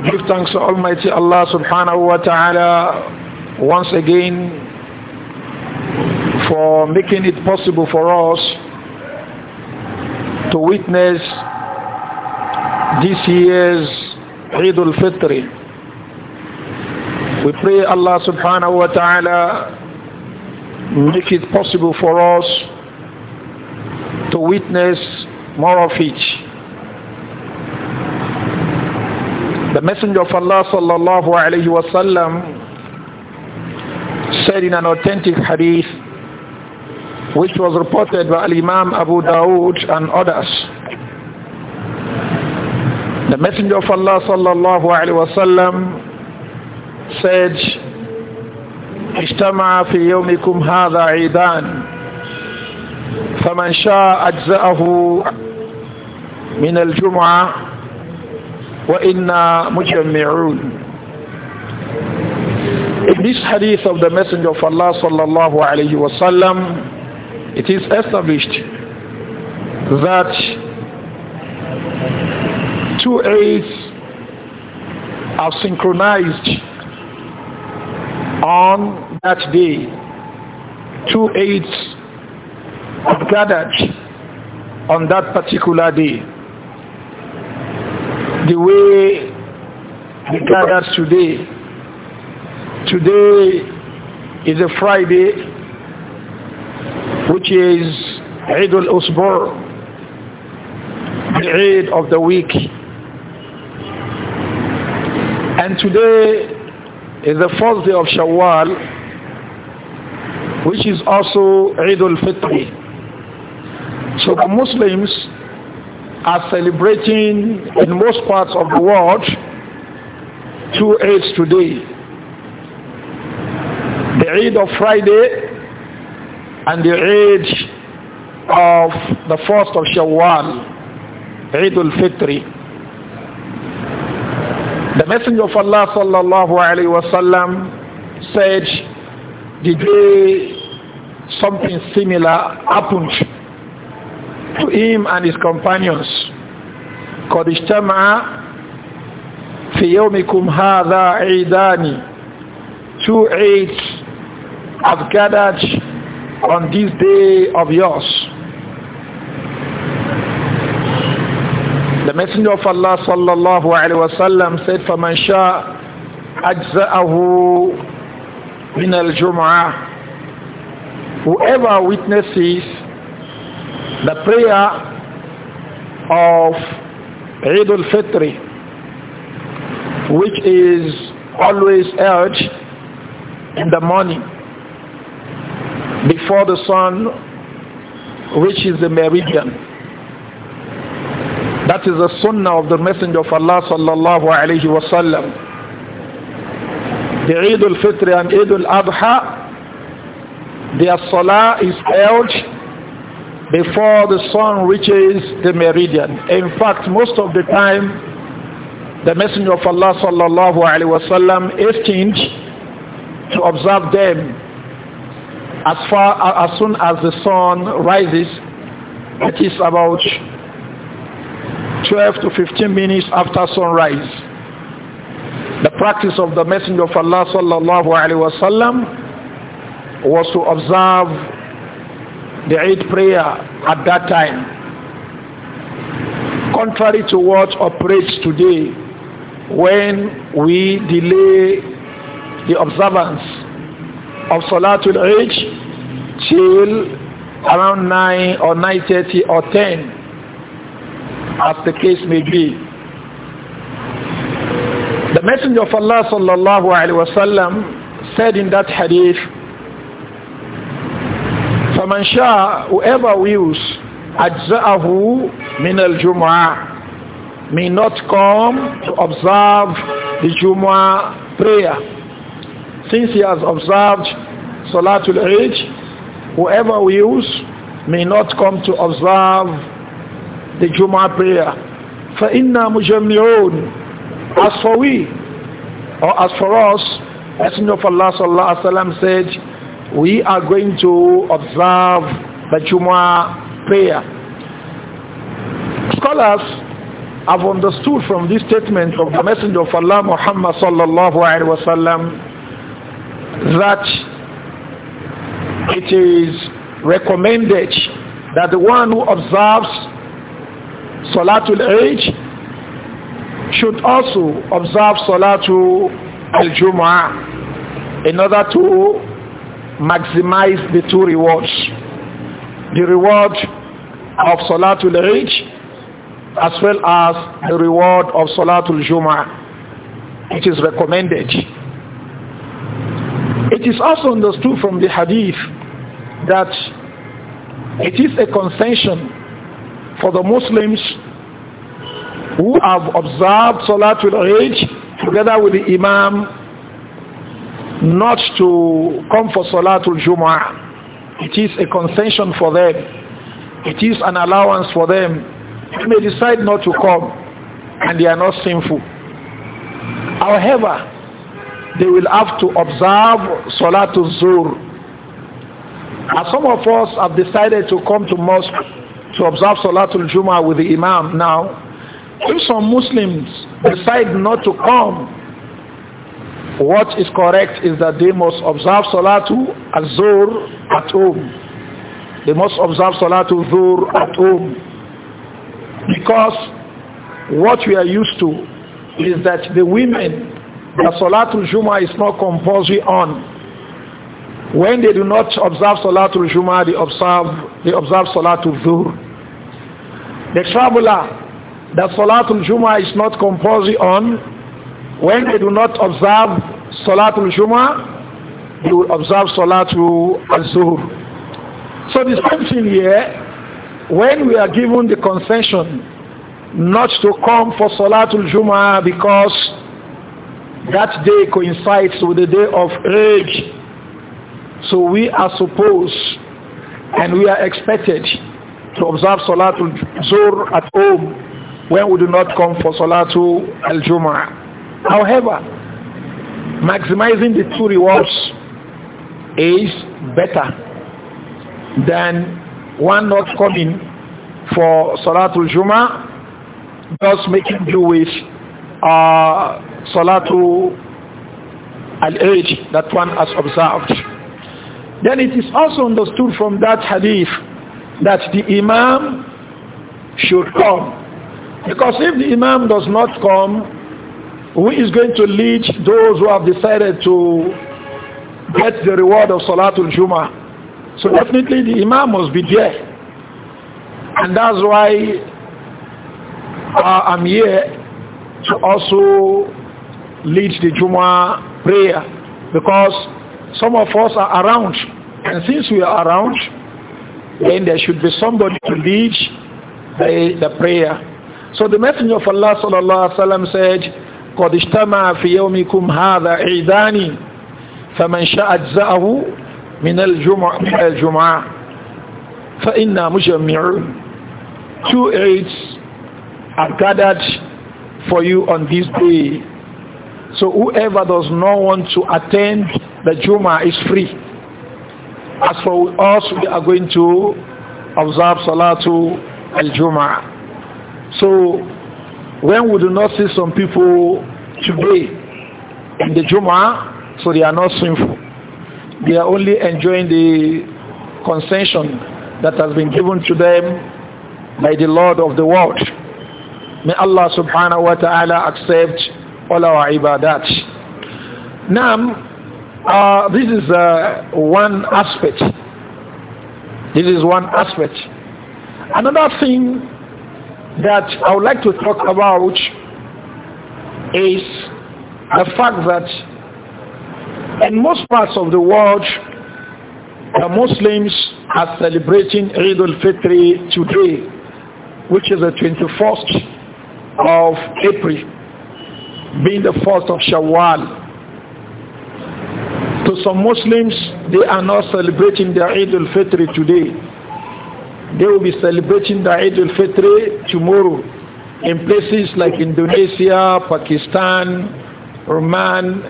We give thanks to Almighty Allah subhanahu wa ta'ala once again for making it possible for us to witness this year's Eid al-Fitr. We pray Allah subhanahu wa ta'ala make it possible for us to witness more of it. The Messenger of Allah sallallahu alayhi wasallam said in an authentic hadith which was reported by Imam Abu Dawood and others. The Messenger of Allah sallallahu alayhi wasallam said اجتمع في يومكم هذا عيدان فمن شاء أجزأه من الجمعة وَإِنَّا مُجْمِعُونَ In this hadith of the Messenger of Allah sallallahu alayhi wasallam, it is established that two aids are synchronized on that day. Two aids are gathered on that particular day the way we gather today. Today is a Friday, which is Eid al-Usbur, the Eid of the week. And today is the first day of Shawwal, which is also Eid al-Fitr. So the Muslims are celebrating in most parts of the world two Eids today. The Eid of Friday and the Eid of the 1st of Shawwal, Eid al-Fitri. The Messenger of Allah sallallahu alayhi wasallam said, the day something similar happened to him and his companions, قد اجتمع في يومكم هذا عيدان two have gathered on this day of yours. The Messenger of Allah sallallahu alaihi wasallam said, "فمن شاء أجزأه من الجمعة." Whoever witnesses the prayer of Eid al-Fitr which is always urged in the morning before the sun reaches the meridian. That is the sunnah of the Messenger of Allah sallallahu alayhi wasallam. The Eid al-Fitr and Eid al-Adha, their salah is urged before the sun reaches the meridian. In fact, most of the time, the Messenger of Allah sallallahu alaihi wasallam hastened to observe them as far as soon as the sun rises. It is about 12 to 15 minutes after sunrise. The practice of the Messenger of Allah sallallahu alaihi wasallam was to observe the eighth prayer at that time. Contrary to what operates today, when we delay the observance of Salatul Eid till around 9 or 9.30 or 10, as the case may be. The Messenger of Allah sallallahu alaihi wasallam said in that hadith, فَمَنْ Whoever wills, min al jumah May not come to observe the jum'ah prayer. Since he has observed Salatul Eid, whoever wills may not come to observe the jum'ah prayer. فَإِنَّا مُجَمِّعُونَ As for we, or as for us, as of Allah sallallahu alaihi wasallam said, we are going to observe the Jumu'ah prayer. Scholars have understood from this statement of the Messenger of Allah Muhammad sallallahu alaihi wasallam that it is recommended that the one who observes Salatul Eid should also observe Salatul Al-Jumu'ah in order to maximize the two rewards. The reward of Salatul Eid as well as the reward of Salatul Jum'ah. It is recommended. It is also understood from the hadith that it is a concession for the Muslims who have observed Salatul Eid together with the Imam not to come for Salatul Jumu'ah. It is a concession for them. It is an allowance for them. They may decide not to come and they are not sinful. However, they will have to observe Salatul Zuhr. As some of us have decided to come to mosque to observe Salatul Jumu'ah with the Imam now, if some Muslims decide not to come what is correct is that they must observe Salatu Azur at home. They must observe Salatu Zur at home. Because what we are used to is that the women, the Salatul Juma is not compulsory on. When they do not observe Salatul Juma, they observe, they observe Salatul Zur. The traveler, that Salatul Juma is not compulsory on, when they do not observe Salatul Jumu'ah, they will observe Salatul Al-Zuhur. So the same thing here, when we are given the concession not to come for Salatul Jumu'ah because that day coincides with the day of Eid. So we are supposed and we are expected to observe Salatul Zuhr at home when we do not come for Salatul al However, maximizing the two rewards is better than one not coming for Salatul Juma, just making do with uh, Salatul Al-Age that one has observed. Then it is also understood from that hadith that the Imam should come. Because if the Imam does not come, who is going to lead those who have decided to get the reward of Salatul Jummah. So definitely the Imam must be there. And that's why uh, I'm here to also lead the Jummah prayer because some of us are around. And since we are around, then there should be somebody to lead the, the prayer. So the Messenger of Allah sallallahu alaihi wasallam said, قد اجتمع في يومكم هذا عيدان فمن شاء اجزاه من الجمعة, الجمعة فإنا مجمعون two aids are gathered for you on this day so whoever does not want to attend the Juma is free as for us we are going to observe Salatu al-Jum'ah so when we do not see some people today in the Juma, so they are not sinful. They are only enjoying the concession that has been given to them by the Lord of the world. May Allah subhanahu wa ta'ala accept all our ibadat. Now, uh, this is uh, one aspect. This is one aspect. Another thing that I would like to talk about is the fact that in most parts of the world, the Muslims are celebrating Eid al-Fitr today, which is the 21st of April, being the 1st of Shawwal. To some Muslims, they are not celebrating their Eid al-Fitr today they will be celebrating the Eid al-Fitr tomorrow in places like Indonesia, Pakistan, Oman,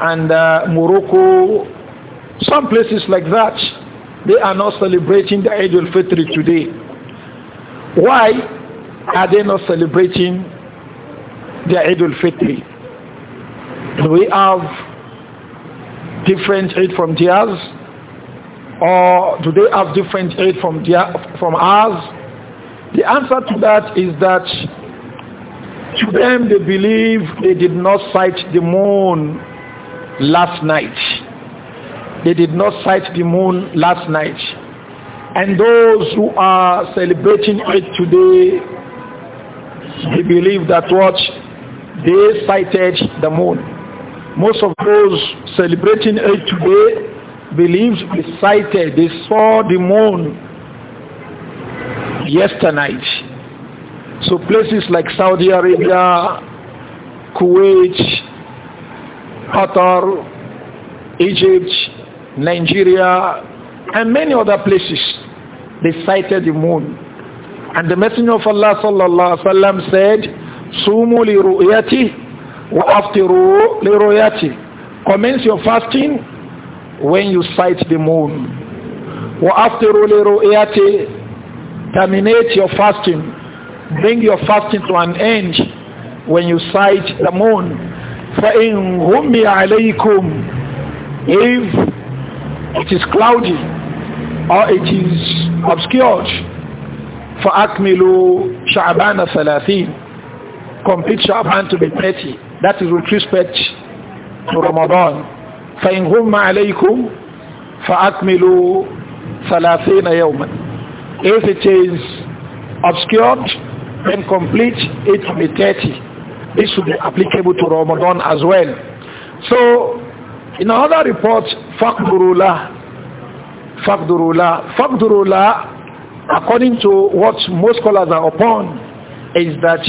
and uh, Morocco, some places like that. They are not celebrating the Eid al-Fitr today. Why are they not celebrating the Eid al-Fitr? We have different Eid from theirs or do they have different aid from, their, from ours? The answer to that is that to them they believe they did not sight the moon last night. They did not sight the moon last night. And those who are celebrating it today, they believe that what they sighted the moon. Most of those celebrating it today believed, they sighted, they saw the moon yesternight. So places like Saudi Arabia, Kuwait, Qatar, Egypt, Nigeria, and many other places, they sighted the moon. And the Messenger of Allah sallallahu alaihi wasallam said, "Sumu li ru'yati wa aftiru li ru'yati." Commence your fasting when you sight the moon. وَأَفْتِرُوا لِرُؤْيَةِ Terminate your fasting. Bring your fasting to an end when you sight the moon. فَإِنْ غُمِّ عَلَيْكُمْ If it is cloudy or it is obscured, فَأَكْمِلُوا شَعْبَانَ ثَلَاثِينَ Complete Sha'ban to be 30. That is with respect to Ramadan. فإن غم عليكم فأكملوا ثلاثين يوما if it is obscured then complete it will be 30 this should be applicable to Ramadan as well so in another report فَقْدُرُوا فَقْدُرُوا according to what most scholars are upon is that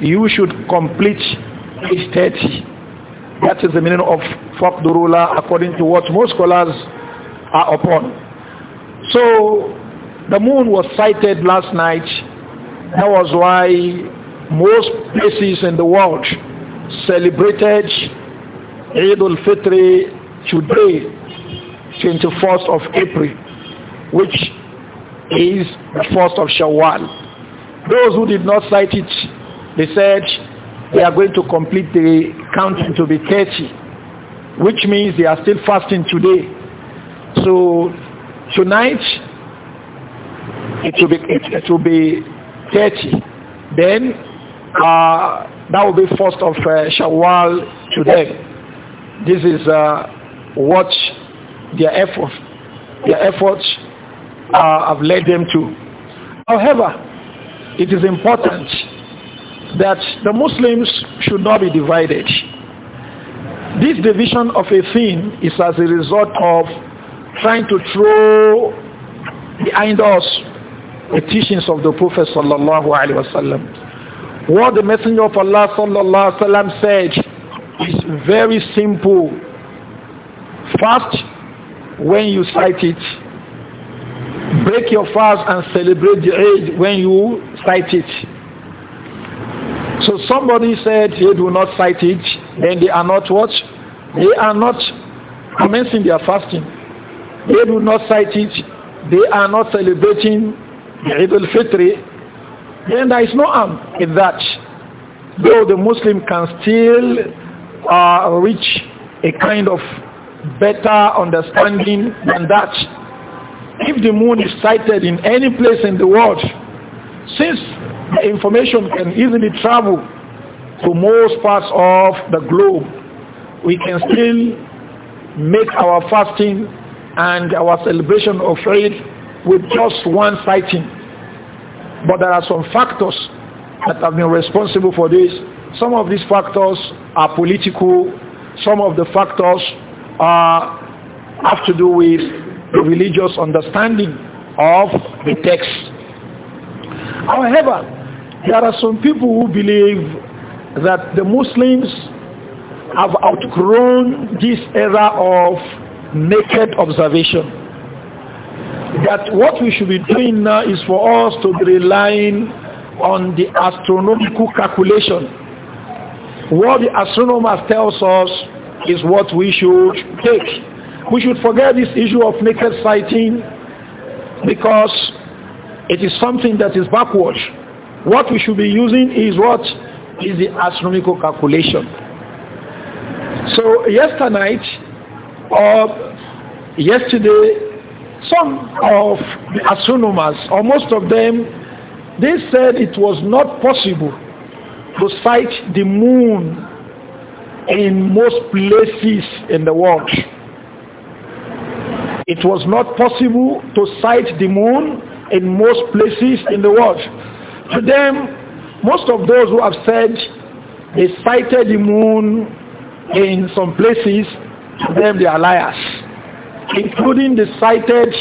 you should complete is 30 that is the meaning of Fakdurula according to what most scholars are upon. So the moon was sighted last night. That was why most places in the world celebrated Eid al-Fitr today, 21st of April, which is the 1st of Shawwal. Those who did not cite it, they said they are going to complete the counting to be 30, which means they are still fasting today. So tonight, it will be, it, it will be 30. Then uh, that will be first of uh, Shawwal to them. This is uh, what their efforts their efforts uh, have led them to. However, it is important that the Muslims should not be divided. This division of a thing is as a result of trying to throw behind us the teachings of the Prophet sallallahu alaihi wasallam. What the Messenger of Allah sallallahu alaihi wasallam said is very simple. Fast when you cite it. Break your fast and celebrate the Eid when you cite it so somebody said they do not sight it, then they are not what? They are not commencing their fasting. They do not cite it. They are not celebrating Eid al-Fitr. Then there is no harm in that. Though the Muslim can still uh, reach a kind of better understanding than that. If the moon is sighted in any place in the world, since information can easily travel to most parts of the globe. We can still make our fasting and our celebration of Eid with just one sighting. But there are some factors that have been responsible for this. Some of these factors are political. Some of the factors are, have to do with the religious understanding of the text. However, there are some people who believe that the Muslims have outgrown this era of naked observation. That what we should be doing now is for us to be relying on the astronomical calculation. What the astronomers tells us is what we should take. We should forget this issue of naked sighting because it is something that is backwards. What we should be using is what? Is the astronomical calculation. So yesterday, or yesterday, some of the astronomers, or most of them, they said it was not possible to sight the moon in most places in the world. It was not possible to sight the moon in most places in the world. To them, most of those who have said they sighted the moon in some places, to them they are liars, including the sighted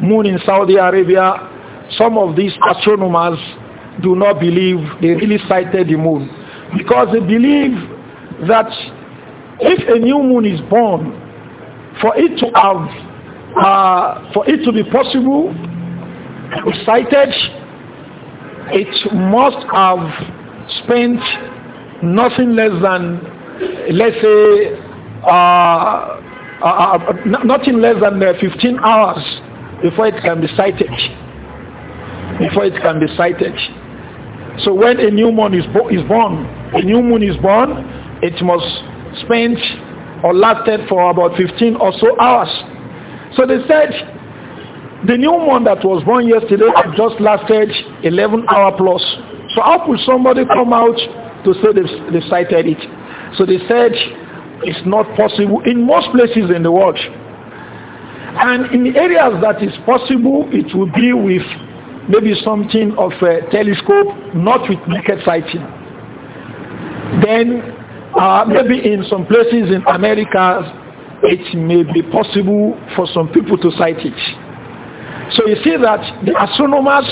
moon in Saudi Arabia. Some of these astronomers do not believe they really sighted the moon because they believe that if a new moon is born, for it to have, uh, for it to be possible, sighted, it must have spent nothing less than, let's say, uh, uh, uh nothing less than uh, 15 hours before it can be sighted. Before it can be sighted. So when a new moon is, bo- is born, a new moon is born, it must spend or lasted for about 15 or so hours. So they said the new moon that was born yesterday just lasted 11 hour plus. So how could somebody come out to say they've, they've it? So they said it's not possible in most places in the world. And in areas that is possible, it will be with maybe something of a telescope, not with naked sighting. Then uh, maybe in some places in America, it may be possible for some people to sight it. So you see that the astronomers,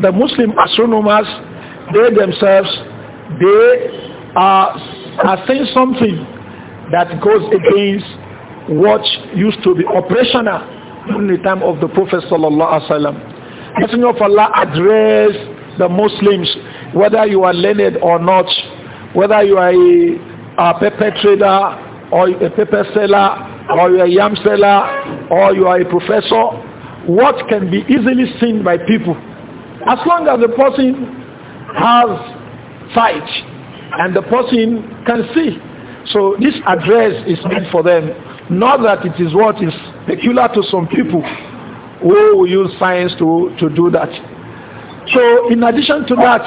the Muslim astronomers, they themselves, they are, are saying something that goes against what used to be operational in the time of the Prophet sallallahu alaihi wasallam. Messenger of Allah addressed the Muslims, whether you are learned or not, whether you are a, a paper trader or a paper seller or you are a yam seller or you are a professor what can be easily seen by people. As long as the person has sight and the person can see. So this address is meant for them. Not that it is what is peculiar to some people who use science to, to do that. So in addition to that,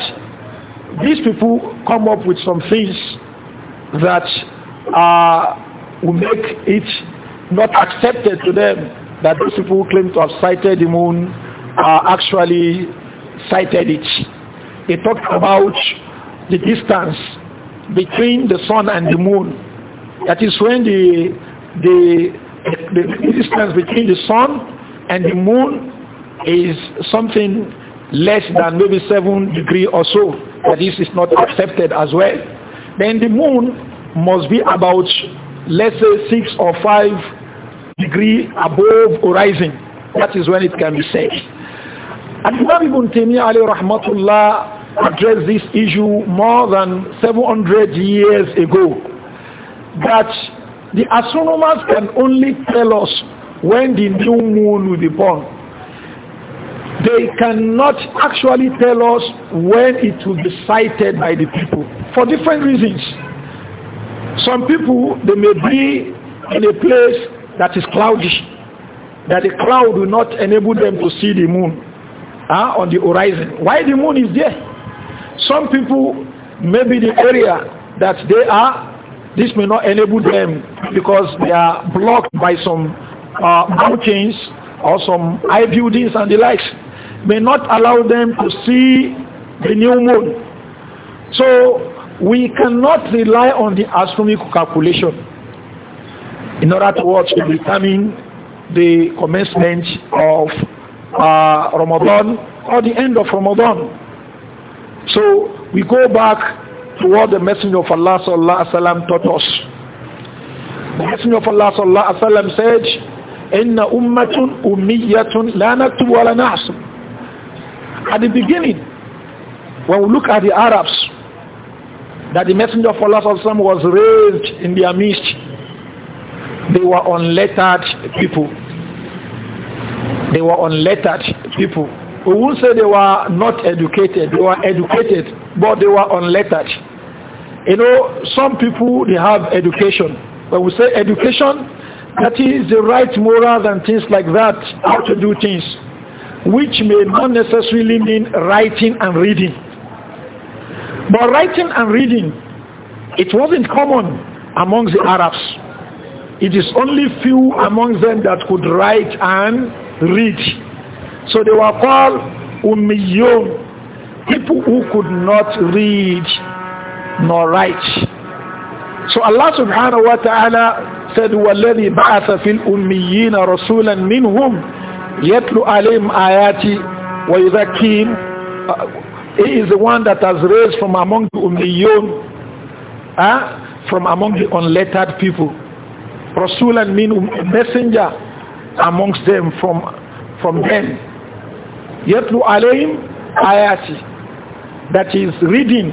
these people come up with some things that uh, will make it not accepted to them that those people who claim to have sighted the moon are uh, actually sighted it. They talked about the distance between the sun and the moon. That is when the, the, the, the distance between the sun and the moon is something less than maybe 7 degree or so. That this is not accepted as well. Then the moon must be about, let's say, 6 or 5 degree above horizon. That is when it can be said. And Imam Ibn Taymiyyah alayhi rahmatullah addressed this issue more than 700 years ago. That the astronomers can only tell us when the new moon will be born. They cannot actually tell us when it will be sighted by the people for different reasons. Some people, they may be in a place that is cloudy, that the cloud will not enable them to see the moon uh, on the horizon. Why the moon is there? Some people, maybe the area that they are, this may not enable them because they are blocked by some uh, mountains or some high buildings and the likes may not allow them to see the new moon. So we cannot rely on the astronomical calculation in order to watch to determine the commencement of uh, Ramadan or the end of Ramadan. So we go back to what the Messenger of Allah sallallahu alaihi wasallam taught us. The Messenger of Allah sallallahu alaihi wasallam said, "Inna ummatun ummiyatun la naktubu wa la At the beginning, when we look at the Arabs, that the Messenger of Allah sallallahu alaihi wasallam was raised in their midst they were unlettered people. They were unlettered people. We won't say they were not educated. They were educated, but they were unlettered. You know, some people, they have education. but we say education, that is the right morals and things like that, how to do things, which may not necessarily mean writing and reading. But writing and reading, it wasn't common among the Arabs. It is only few among them that could write and read. So they were called Ummiyun, people who could not read nor write. So Allah subhanahu wa ta'ala said, وَالَّذِي بَعَثَ فِي الْأُمِّيِّينَ رَسُولًا مِّنْهُمْ يَتْلُ عَلَيْهِمْ آيَاتِ وَيُذَكِّيهِمْ He is the one that has raised from among the Ummiyun, uh, from among the unlettered people. Rasulan and messenger amongst them from, from them. Yatlu alayhim ayati. That is reading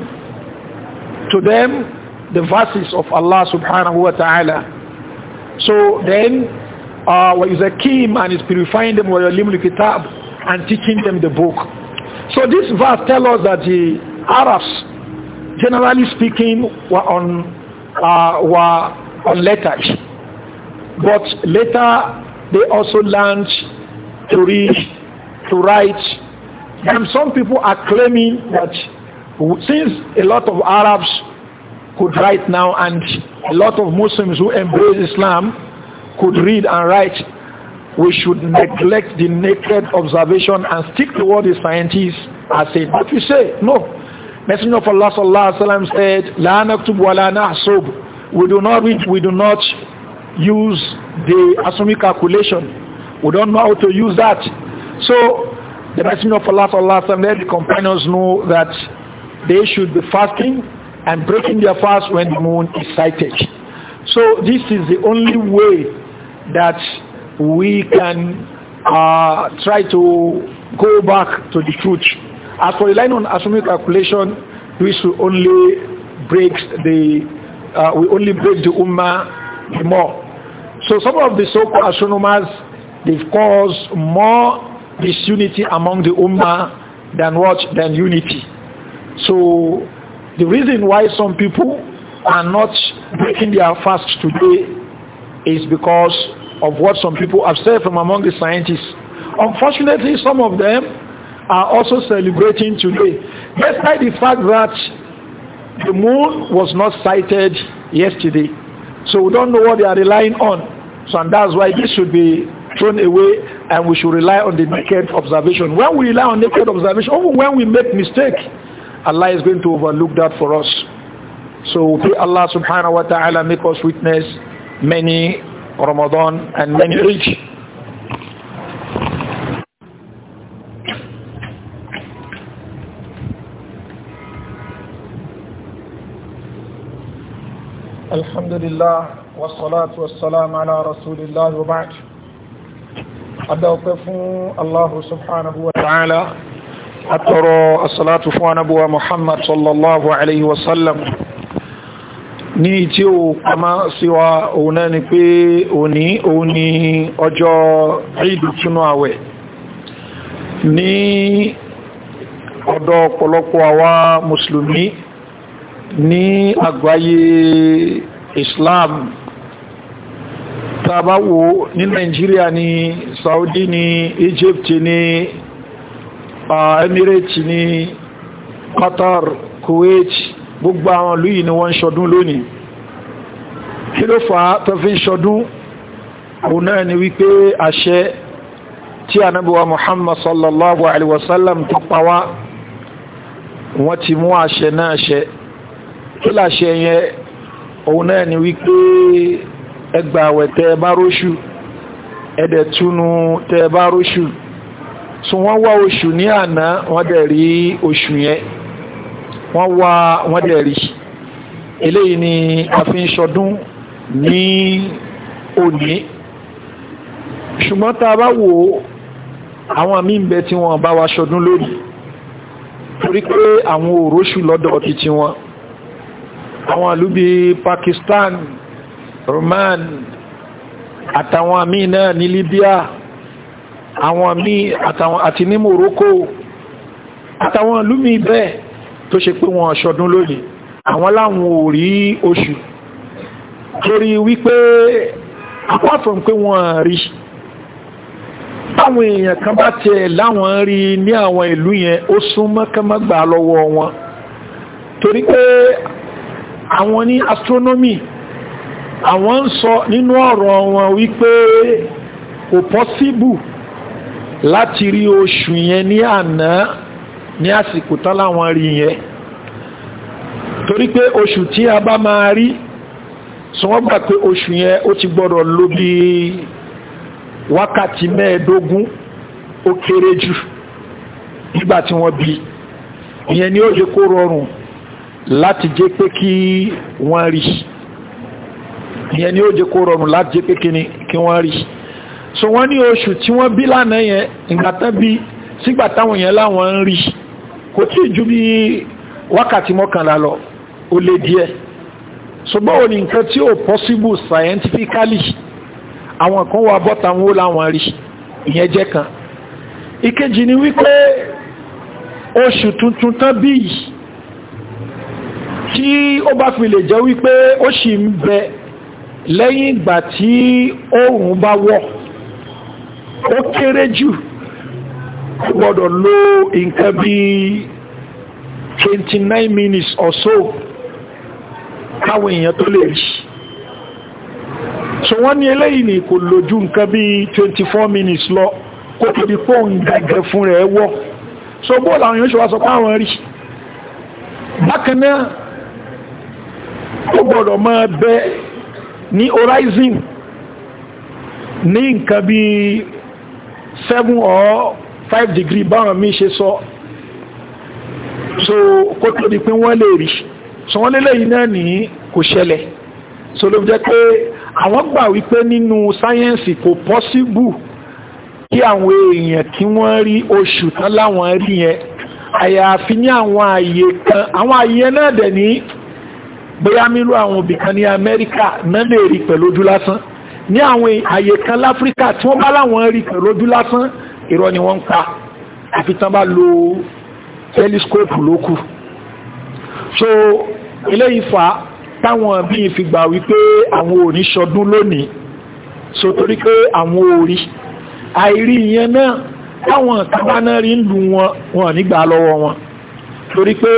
to them the verses of Allah subhanahu wa ta'ala. So then, uh, وَيُزَكِيهِمْ and is purifying them the Kitab and teaching them the book. So this verse tells us that the Arabs, generally speaking, were on uh, were on letters. But later they also learned to read, to write. And some people are claiming that since a lot of Arabs could write now and a lot of Muslims who embrace Islam could read and write, we should neglect the naked observation and stick to what the scientists are saying. But we say, no. Messenger of Allah said, "La naktub wa la nahsub." We do not read, we do not use the Asumi calculation. We don't know how to use that. So the Messenger of Allah sallallahu let the companions know that they should be fasting and breaking their fast when the moon is sighted. So this is the only way that we can uh, try to go back to the truth. As for relying on assuming calculation, we should only break the uh, we only break the ummah more. So some of the so-called astronomers, they've caused more disunity among the Ummah than what? Than unity. So the reason why some people are not breaking their fast today is because of what some people have said from among the scientists. Unfortunately, some of them are also celebrating today. Despite the fact that the moon was not sighted yesterday. So we don't know what they are relying on. So and that's why this should be thrown away and we should rely on the naked observation. When we rely on naked observation, even when we make mistake, Allah is going to overlook that for us. So may Allah subhanahu wa ta'ala make us witness many Ramadan and many Eid. الحمد لله والصلاة والسلام على رسول الله وبعد أدوقف الله سبحانه وتعالى أترى الصلاة فوانبوى محمد صلى الله عليه وسلم ní tí ó pamá sí wa òun náà ni pé òní òun ni ọjọ́ ìdù túnú àwẹ̀ ní ọ̀dọ̀ ọ̀pọ̀lọpọ̀ àwa ní àgbáyé Islam tá bá wò ní Nigeria ní Saudi ní Egypt ní uh, Emirates ní Qatar Kuwait gbogbo àwọn ìlú yìí ni wọ́n ń ṣọdún lónìí kí ló fà á tó fi ń ṣọdún òun náà ni wípé àṣẹ tí anábíwá Muhammad sallallahu alaihi wasallam tó pa wá wọ́n ti mú àṣẹ náà ṣẹ kí làṣẹ yẹn òun náà ni wípé ẹgbà àwẹ̀ tẹ bá róṣù ẹ̀dẹ̀ túnú tẹ bá róṣù so wọ́n wá oṣù ní àná wọ́n dẹ̀ rí oṣù yẹn wọ́n wá wọ́n dẹ̀ rí eléyìí ni a fi ń ṣọdún ní òní ṣùgbọ́n tá a bá wò ó àwọn àmì ń bẹ tí wọ́n bá wa ṣọdún lónìí torí pé àwọn òróṣù lọ́dọ̀ ti tiwọn àwọn ìlú bí Pakistan Roman àtàwọn míì náà ní Libya àwọn míì àti ní Morocco àtàwọn ìlú míì bẹ́ẹ̀ tó ṣe pé wọn ṣọdún lónìí àwọn láwọn ò rí oṣù torí wípé apart from pé wọn rí táwọn èèyàn kan bá tiẹ̀ láwọn rí ní àwọn ìlú yẹn ó súnmọ́ kán má gbà lọ́wọ́ wọn torí pé àwọn ní astronomy àwọn ń sọ nínú ọ̀rọ̀ wọn wípé kò pọ́síbù láti rí oṣù yẹn ní àná ní àsìkò tán láwọn rí yẹn torí pé oṣù tí a bá máa rí sọ pé oṣù yẹn ó ti gbọ́dọ̀ lò bí wákàtí mẹ́ẹ̀ẹ́dógún ó kéré jù nígbà wọ́n bí ìyẹn ni ó yẹ kó rọrùn láti jẹ́ pé kí wọ́n rí ìyẹn ni ó jẹ́ kó rọrùn láti jẹ́ pé kí wọ́n rí so wọ́n ní oṣù tí wọ́n bí lánàá yẹn ìgbàtán bí sígbà táwọn yẹn láwọn ń rí kò tí ju bí wákàtí mọ́kànlá lọ ó lé díẹ̀ so báwo ni nǹkan tí ó possible scientifically àwọn kan wà bọ́ta wọn ó láwọn rí ìyẹn jẹ́ kan ìkejì ni wípé oṣù tuntun tán bí yìí tí ó bá fi lè jẹ́ wípé ó sì ń bẹ lẹ́yìn ìgbà tí oòrùn bá wọ̀ ó kéré jù gbọ́dọ̀ lò nǹkan bí 29 minutes or so káwọn èèyàn tó lè rí so wọ́n ní eléyìí ni kò lójú nǹkan bí 24 minutes lọ kó tó di pọ́ ń gàgẹ̀ fún rẹ̀ wọ́ so bóòlù àwọn èèyàn ṣe wá sọ pé àwọn rí bákan ó gbọ́dọ̀ máa bẹ ní horizon ní nǹkan bí 7 or 5 degree báwọn mi ṣe sọ so kó tó di pé wọ́n lè rí so wọ́n lélẹ́yìn náà ní kò ṣẹlẹ̀ so ló jẹ́ pé àwọn gbà wípé nínú sáyẹ́ǹsì kò pọ́síbù kí àwọn èèyàn kí wọ́n rí oṣù tán láwọn rí yẹn àyàfi ní àwọn àyè kan àwọn àyè náà dẹ̀ ní bóyá nínú àwọn òbí kan ní amẹ́ríkà náà lè rí pẹ̀lú ojú lásán ní àwọn àyè kan láfíríkà tí wọ́n bá láwọn rí pẹ̀lú ojú lásán irọ́ ni wọ́n ń pa àfi bá lo telescope lókù so eléyìí fa táwọn bíi fi gbà wípé àwọn ò ní ṣọdún lónìí so torí pé àwọn ò rí àìrí ìyẹn náà táwọn kan ń lu wọn wọn nígbà lọ́wọ́ wọn torí pé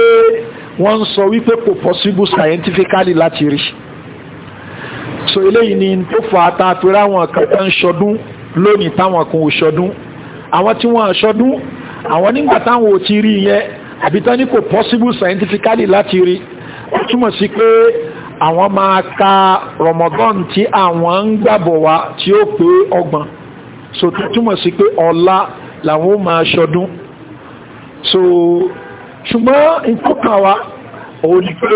wọ́n ń sọ wípé kò possible scientifically láti rí so eléyìí ni tó fà á ta àpẹẹrẹ àwọn kan tó ń ṣọdún lónìí táwọn kan ò ṣọdún àwọn tí wọ́n ṣọdún àwọn nígbà táwọn ò ti rí yẹn àbí ní kò possible scientifically láti rí ó túmọ̀ sí pé àwọn máa ka Ramadan tí àwọn ń gbàbọ̀ wá tí ó pé ọgbọ̀n so tó túmọ̀ sí pé ọ̀la làwọn ó máa ṣọdún so ṣùgbọ́n ìfọ́kànwá òun ni pé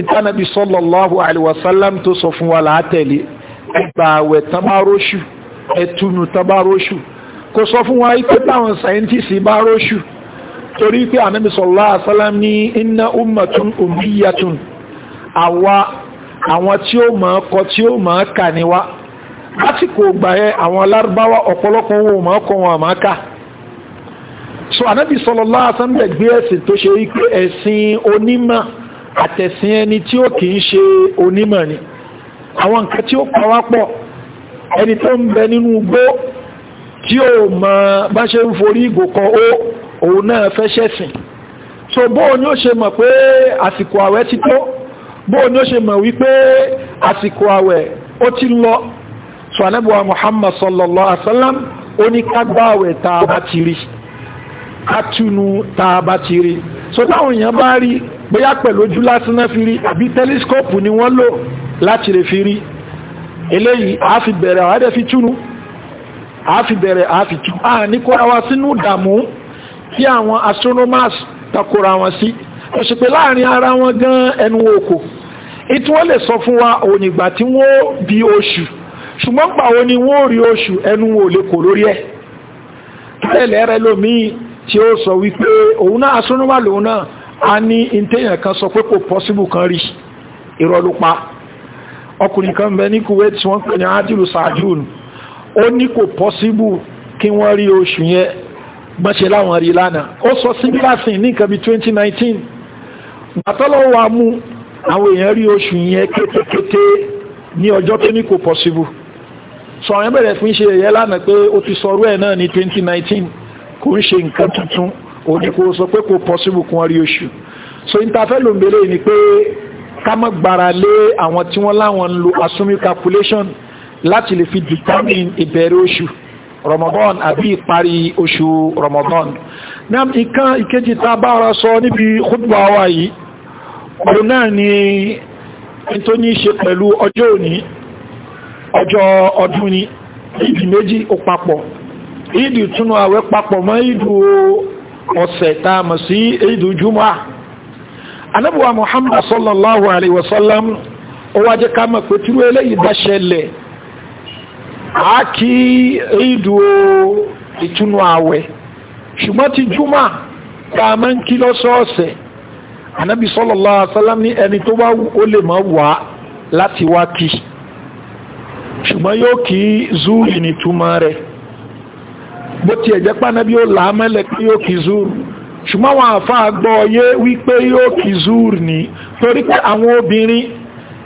ìtànàbí sallallahu alaihi wasallam tó sọ fún wa látẹ̀lé ẹgbà àwẹ̀ tabaroṣù ẹtùnù tabaroṣù kò sọ fún wa ipé táwọn sáyẹ́ntìsì bá roṣù torí pé ànábì sallallahu alaihi wasallam ní inna ummatun ummiyatun àwa àwọn tí ó mọ̀ kọ so anábì sallallahu alaihi wasallam gbé ẹ̀sìn tó ṣe wípé ẹ̀sìn onímọ̀ àtẹ̀sìn ẹni tí ó kìí ṣe onímọ̀ ni àwọn nǹkan tí ó pàwápọ̀ ẹni tó ń bẹ nínú igbó tí ó mọ̀ bá ṣe ń forí ìgò kan ó òun náà fẹ́ ṣẹ̀sìn so bóò ni ó ṣe mọ̀ pé àsìkò àwẹ̀ ti tó bóò ni ó ṣe mọ̀ wípé àsìkò àwẹ̀ ó ti lọ so anábì wa Muhammad sallallahu alaihi wasallam ó ní ká gbààwẹ̀ tá a bá ti rí atunu tá a bá ti rí so táwọn èèyàn bá rí bóyá pẹ̀lú ojú lásán náà fi rí àbí tẹlẹsikọ́pù ni wọ́n lò láti lè fi rí eléyìí a fi bẹ̀rẹ̀ àwọn àdẹ́fi túnu a fi bẹ̀rẹ̀ a fi tú a ní kóra wa sínú ìdààmú tí àwọn astronomers takora wọn sí ó ṣe pé láàrin ara wọn gan ẹnu òkò ìtí wọ́n lè sọ fún wa ònígbà tí wọ́n bí oṣù ṣùgbọ́n pàwọn ni wọ́n rí oṣù ẹnu òlekò lórí ẹ̀ tẹ́lẹ̀ rẹ lómii tí ó sọ wípé òun náà asúnúwà lòun náà a ní intéyàn kan sọ pé kò pọ́síbù kan rí irọ́ ló pa ọkùnrin kan bẹ ní Kuwait tí wọ́n pè ní adilu sajun ó ní kò pọ́síbù kí wọ́n rí oṣù yẹn gbọ́nṣe láwọn rí lánàá ó sọ sí ní nǹkan bí 2019 gbàtọ́lọ́wọ́ amú àwọn èèyàn rí oṣù yẹn kétékété ní ọjọ́ tó ní kò pọ́síbù sọ àwọn bẹ̀rẹ̀ fún ṣe ẹ̀yẹ lánàá pé ó ti sọrú ẹ̀ náà ní 2019 kò ń ṣe nǹkan tuntun ò ní kò sọ pé kò possible kún ọrí oṣù so interfell òǹbélé ni pé ká má gbára lé àwọn tí wọ́n láwọn ń lo assuming calculation láti lè fi determine ìbẹ̀rẹ̀ oṣù Ramadan àbí ìparí oṣù Ramadan na nǹkan ìkejì tá a bá ara sọ níbi khutba yìí ọdún náà ni tó ní ṣe pẹ̀lú ọjọ́ òní ọjọ́ ọdún ni ibi méjì ó papọ̀ ìdù túnú àwẹ̀ papọ̀ mọ́ ìdù ọ̀sẹ̀ tá a sí ìdù jùmọ́ anábùwà muhammad sallallahu alaihi wasallam ó wá jẹ́ ká mọ̀ pé tírú eléyìí bá ṣẹlẹ̀ a kí ìdù ìtúnú àwẹ̀ ṣùgbọ́n ti jùmọ́ tá a mọ́ ń kí lọ́sọ̀ọ̀sẹ̀ anábì sallallahu alaihi wasallam ní ẹni tó bá bó tiẹ̀ jẹ́ pàánà bí ó là á mẹ́lẹ̀ pé yóò kì í zúrù ṣùgbọ́n àwọn àfáà gbọ́ yé wípé yóò kì í zúrù ní torí pé àwọn obìnrin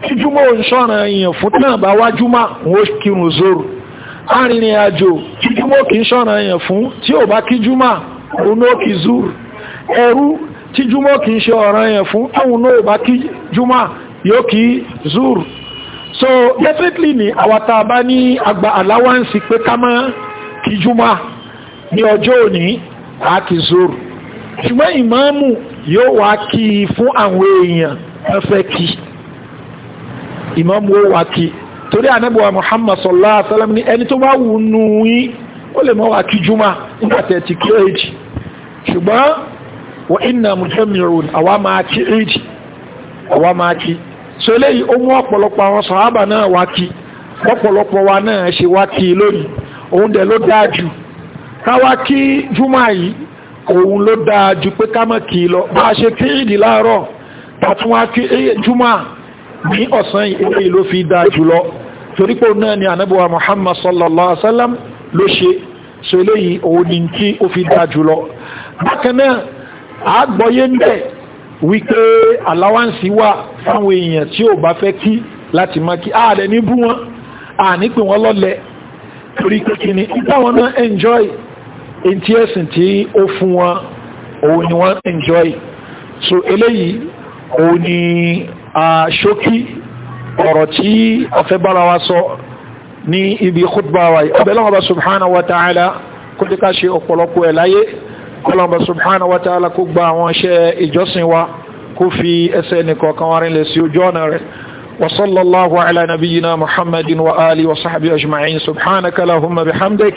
tí júmọ́ ò ń ṣọ́ra èèyàn fún náà bá wá júmọ́ wọn ó kírun zóòrù arìnrìn àjò tí júmọ́ kì í ṣọ́ra èèyàn fún tí ò bá kí júmọ́ òun ó kì í zúrù ẹrú tí júmọ́ kì í ṣe ọ̀ràn èèyàn fún tóun náà bá kí júmọ́ yóò kì í zúrù so definitely ni àwàtà bá ní àgbà aláwáǹsì pé ká má kí júmọ́ ni ọjọ́ òní a zoro ṣùgbọ́n ìmáàmù yóò wá fún àwọn èèyàn wọ́n kí ìmáàmù ó wá kí torí anagbawa Muhammad sallallahu alaihi wasallam ni ẹni tó bá wù nù yín ó lè mọ́ wá kí juma nígbàtẹ̀ ti kí èjì ṣùgbọ́n wọ́n iná máa kí èjì máa kí káwa kí júmọ̀ yìí òun ló dáa ju pé ká má kí lọ bá a ṣe kí ìdí láàárọ̀ tàtún kí júmọ̀ ní ọ̀sán yìí ló fi dáa jùlọ torí pé náà ni ànábọ̀wá Muhammad sallallahu alaihi wasallam, sallam ló ṣe so eléyìí òun ni tí ó fi dáa jùlọ bákan náà àgbọ́yé ń bẹ̀ wípé aláwáǹsì wà enjoy ntí ẹ̀sìn tí ó fún wọn òun ni wọ́n enjoy so eléyìí òun ni ṣókí ọ̀rọ̀ tí ọ̀fẹ́ bára wa sọ ní ibi khutba wa yìí ọ̀bẹ̀lọ́wọ́ bá subhanahu wa ta'ala kó dé ká ṣe ọ̀pọ̀lọpọ̀ ẹ̀ láyé kọlọ̀bà subhanahu wa ta'ala kó gba àwọn iṣẹ́ ìjọsìn wa kó fi ẹsẹ̀ nìkọ̀ọ̀kan wa rìnlẹ̀ sí ojú ọ̀nà rẹ̀ wa sallallahu ala nabiyyina muhammadin wa ali wa sahbihi ajma'in subhanaka lahumma bihamdik